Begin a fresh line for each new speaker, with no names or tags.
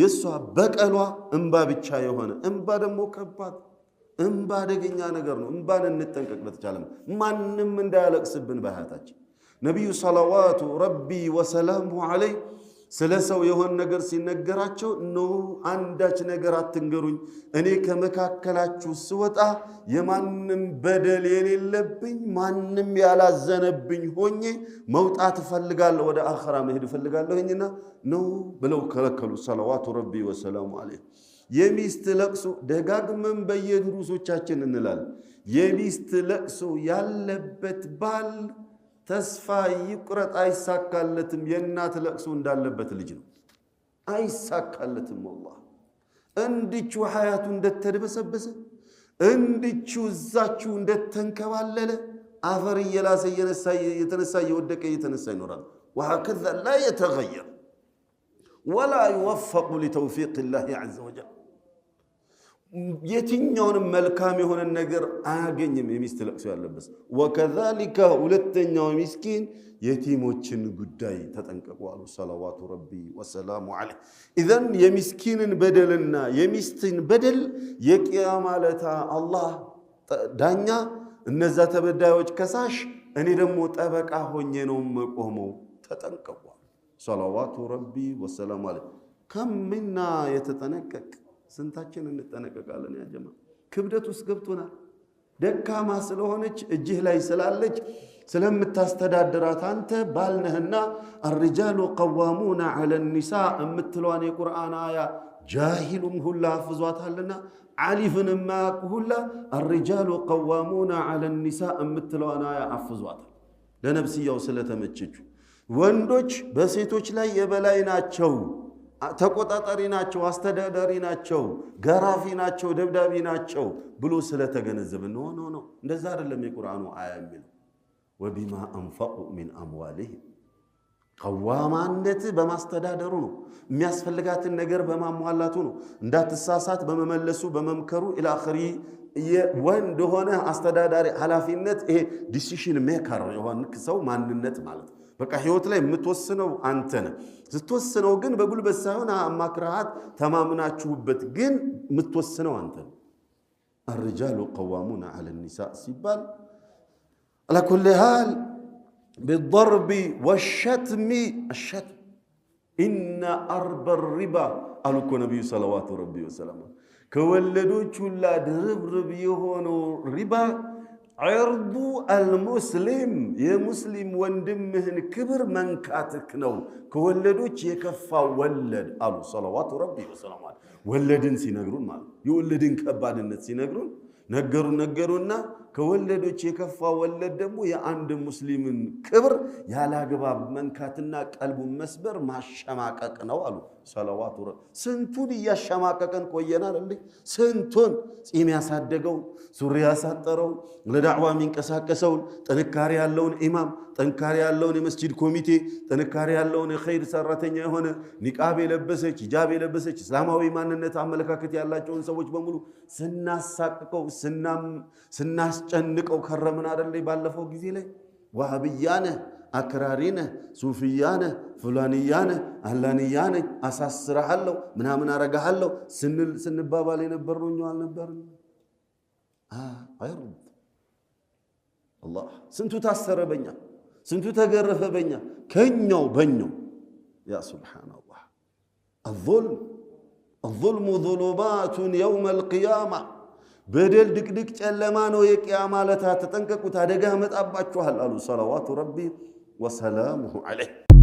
የእሷ በቀሏ እንባ ብቻ የሆነ እንባ ደግሞ ከባድ እንባ አደገኛ ነገር ነው። እንባን እንጠንቀቅ። በተቻለም ማንም እንዳያለቅስብን በሀያታችን ነቢዩ ሰላዋቱ ረቢ ወሰላሙ አለይ ስለ ሰው የሆን ነገር ሲነገራቸው ኖ አንዳች ነገር አትንገሩኝ፣ እኔ ከመካከላችሁ ስወጣ የማንም በደል የሌለብኝ ማንም ያላዘነብኝ ሆኜ መውጣት እፈልጋለሁ፣ ወደ አኸራ መሄድ እፈልጋለሁኝና ነው ብለው ከለከሉ። ሰለዋቱ ረቢ ወሰላሙ አለ። የሚስት ለቅሶ ደጋግመን በየድሩሶቻችን እንላል። የሚስት ለቅሶ ያለበት ባል ተስፋ ይቁረጥ አይሳካለትም። የእናት ለቅሶ እንዳለበት ልጅ ነው። አይሳካለትም። ወላሂ እንድቹ ሀያቱ እንደተደበሰበሰ እንድቹ እዛችሁ እንደተንከባለለ አፈር እየላሰ የተነሳ እየወደቀ እየተነሳ ይኖራል። ወሀከዛ ላ የተገየር ወላ ይወፈቁ ሊተውፊቅ ላህ ዘ ወጀል የትኛውንም መልካም የሆነን ነገር አያገኝም። የሚስት ለቅሶ ያለበት ወከዛሊከ ሁለተኛው ሚስኪን የቲሞችን ጉዳይ ተጠንቀቁ አሉ ሰለዋቱ ረቢ ወሰላሙ አለይህ። ኢዘን የሚስኪንን በደልና የሚስትን በደል የቅያማ ለታ አላህ ዳኛ፣ እነዛ ተበዳዮች ከሳሽ፣ እኔ ደግሞ ጠበቃ ሆኜ ነው መቆመው። ተጠንቀቁ ሰላዋቱ ረቢ ወሰላሙ አለይህ። ከምና የተጠነቀቅ ስንታችን እንጠነቀቃለን? ያጀማ ክብደት ውስጥ ገብቶናል። ደካማ ስለሆነች እጅህ ላይ ስላለች ስለምታስተዳድራት አንተ ባልነህና አርጃሉ ቀዋሙና አለ ኒሳ የምትለዋን የቁርአን አያ ጃሂሉም ሁላ አፍዟታልና ዓሊፍን የማያውቅ ሁላ አርጃሉ ቀዋሙና አለ ኒሳ የምትለዋን አያ አፍዟታል። ለነብስያው ስለተመቸችው ወንዶች በሴቶች ላይ የበላይ ናቸው። ተቆጣጣሪ ናቸው፣ አስተዳዳሪ ናቸው፣ ገራፊ ናቸው፣ ደብዳቢ ናቸው ብሎ ስለተገነዘብ ነው። ኖ ኖ እንደዛ አይደለም የቁርአኑ አያ የሚለው ወቢማ አንፈቁ ሚን አምዋልህ ቀዋማነት በማስተዳደሩ ነው። የሚያስፈልጋትን ነገር በማሟላቱ ነው። እንዳትሳሳት በመመለሱ በመምከሩ ኢላክሪ ወንድ የሆነ አስተዳዳሪ ኃላፊነት ይሄ ዲሲሽን ሜከር የሆን ሰው ማንነት ማለት ነው። በቃ ህይወት ላይ የምትወስነው አንተ ነህ። ስትወስነው ግን በጉልበት ሳይሆን አማክረሃት ተማምናችሁበት፣ ግን የምትወስነው አንተ ነህ። الرجال قوامون على النساء ሲባል على كل حال بالضرب والشتم الشتم إن أرب الربا قالوا كو نبي صلوات ربي وسلامه ከወለዶች ሁላ ድርብርብ የሆነው ሪባ ዕርዱ አልሙስሊም የሙስሊም ወንድምህን ክብር መንካትክ ነው፣ ከወለዶች የከፋ ወለድ አሉ ሰለዋቱ ረቢ ወሰላሙ ወለድን ሲነግሩን ማለት የወለድን ከባድነት ሲነግሩን ነገሩን ነገሩና ከወለዶች የከፋ ወለድ ደግሞ የአንድ ሙስሊምን ክብር ያላግባብ መንካትና ቀልቡን መስበር ማሸማቀቅ ነው አሉ። ሰለዋቱ ስንቱን እያሸማቀቀን ቆየናል። እንዴ ስንቱን ጺም ያሳደገውን ሱሪ ያሳጠረውን ለዳዕዋ የሚንቀሳቀሰውን ጥንካሬ ያለውን ኢማም፣ ጥንካሬ ያለውን የመስጂድ ኮሚቴ፣ ጥንካሬ ያለውን የኸይር ሰራተኛ የሆነ ኒቃብ የለበሰች ሂጃብ የለበሰች እስላማዊ ማንነት አመለካከት ያላቸውን ሰዎች በሙሉ ስናሳቅቀው ስናስ ስናስጨንቀው ከረምን አደለ? ባለፈው ጊዜ ላይ ዋሃብያነህ አክራሪነህ ሱፍያነህ ፉላንያነህ አላንያነህ አሳስረሃለሁ ምናምን አረጋሃለሁ ስንል ስንባባል የነበር ነው። እኛው አልነበርን። አይሩብ አላህ ስንቱ ታሰረ በኛ፣ ስንቱ ተገረፈ በኛ፣ ከኛው በኛው። ያ ሱብሓነላህ አልظልም الظلم ظلمات يوم القيامه በደል ድቅድቅ ጨለማ ነው የቅያማ ዕለታት ተጠንቀቁት አደጋ ያመጣባችኋል አሉ ሰለዋቱ ረቢ ወሰላሙሁ አለይህ